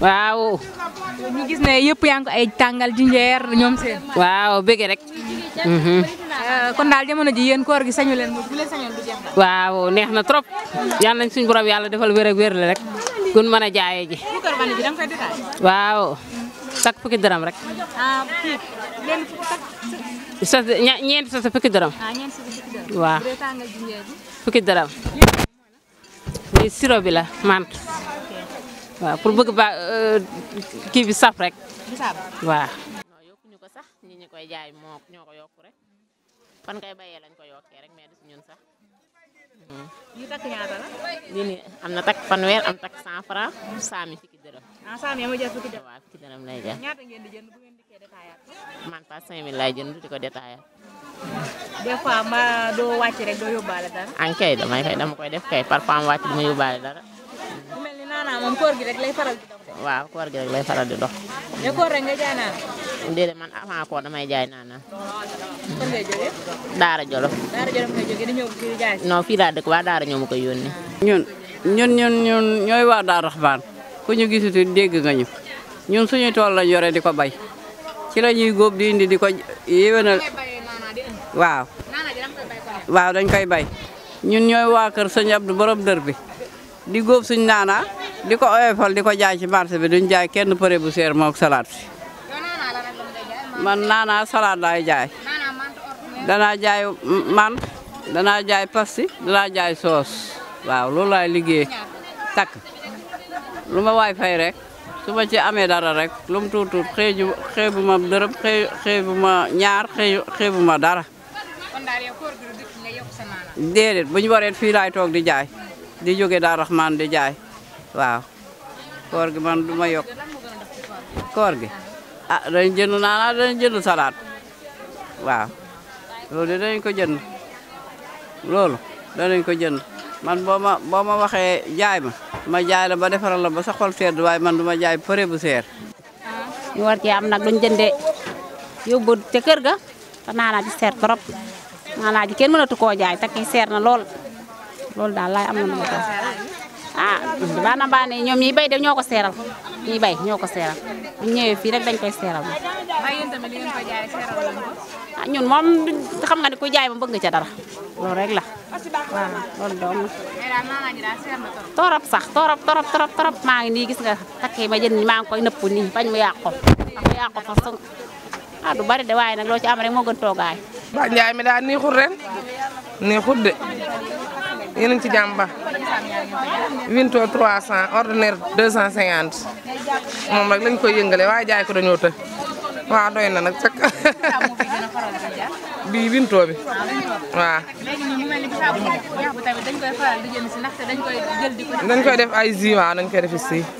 waaw. ñu gis ne yëpp yaa ngi ay tàngal jinjeer ñoom seen. waaw bëgg rek. Mhm. Eh, kon daal jamono ji yéen koor gi sañu leen waaw neex na trop yal nañ suñu borom yàlla defal wér ak wér la rek gun mën a jaayee ji. sak fukki dërëm rek. ah sa ñeenti sa fukki dërëm. ah ñeenti dërëm. waaw fukki dërëm. lii bi la mant waaw pour bëgg ba euh, kii bi saf rek. waaw. non yokkuñu ko sax ñi ñi koy jaay moo ñoo ko yokku rek fan kay bayee lañ ko yokkee rek mais du ñun sax. Hmm. lii takk ñaata na takk fanweer am takk cent franc saami fukki ah, lay jël. ñaata man pas cinq mille lay jënd di ko détaillé. des fois ma doo wàcc rek doo yóbbaale dara. an kay damay kay dama koy def kay parfois ma wàcc du ma yóbbaale waa koor gi rek lay faral di dox de. koor rek nga jaay naan. déedéet man avant koor damay jaay naan Daara Jolof. Daara Jolof di ñëw Daara ñoo ma koy yónnee. ñun ñun ñun ñun ñooy waa Daara Raxbaan ku ñu gisuti dégg nga ñu ñun suñu tool lañ yore di ko bay ci la ñuy góob di indi di ko yéwénal. waaw. dañ koy bay ñun ñooy waa kër sëñ Abdou borom dër bi di góob suñu naanaa. di ko oyofal di ko jaay ci marché bi duñ jaay kenn përe bu seer mook salaat si man naanaa salaat laay jaay danaa jaay man danaa jaay pasti danaa jaay soos waaw loolu laay liggéey takk lu ma waay fay rek su ma ci amee dara rek lu mu tuut tuut xëy xëy bu ma dërëm xëy bu ma ñaar xëy xëy bu ma dara. kon daal yow ñu waree fii laay toog di jaay di jóge daal raxmaan di jaay. waaw koor gi man du ma yokk koor gi ah dañ jënd naanaa dañ jënd salaat waaw loolu de danañ ko jënd loolu danañ ko jënd man boo ma boo ma waxee jaay ma ma jaay ba defaral la ba sa xol sedd waaye man du ma jaay pare bu seer ah. ñu war cee am nag duñ jëndee yóbbu ca kër ga te naanaa ji seer trop naanaa ji kenn mënatu koo jaay takki kii seer na lool loolu daal laay am na lu ma ah banambaane ñoom ñiy bay de ñoo ko seeral ñiy bay ñoo ko seeral bu ñëwee fii rek dañ koy seeral ah ñun moom xam nga ne ku jaay ma bëgg nga ca dara loolu rek la waaw torop sax torop torop torop maa ngi nii gis nga takkee ma jën maa ngi koy nëpp ni bañ mu yàqu mu yàqu fa sëng ah, du bari de waaye nag loo ci am rek moo gën toogaay ba njaay mi daal nii xut ren nii xut de yéen a ci jàmm ba ordinair 300 ordinaire 250 moom rek lañ koy yëngale waaye jaay ko dañoo të waaw doy na nag cak bii winto bi waaw dañ koy def ay jus waaw dañ koy def si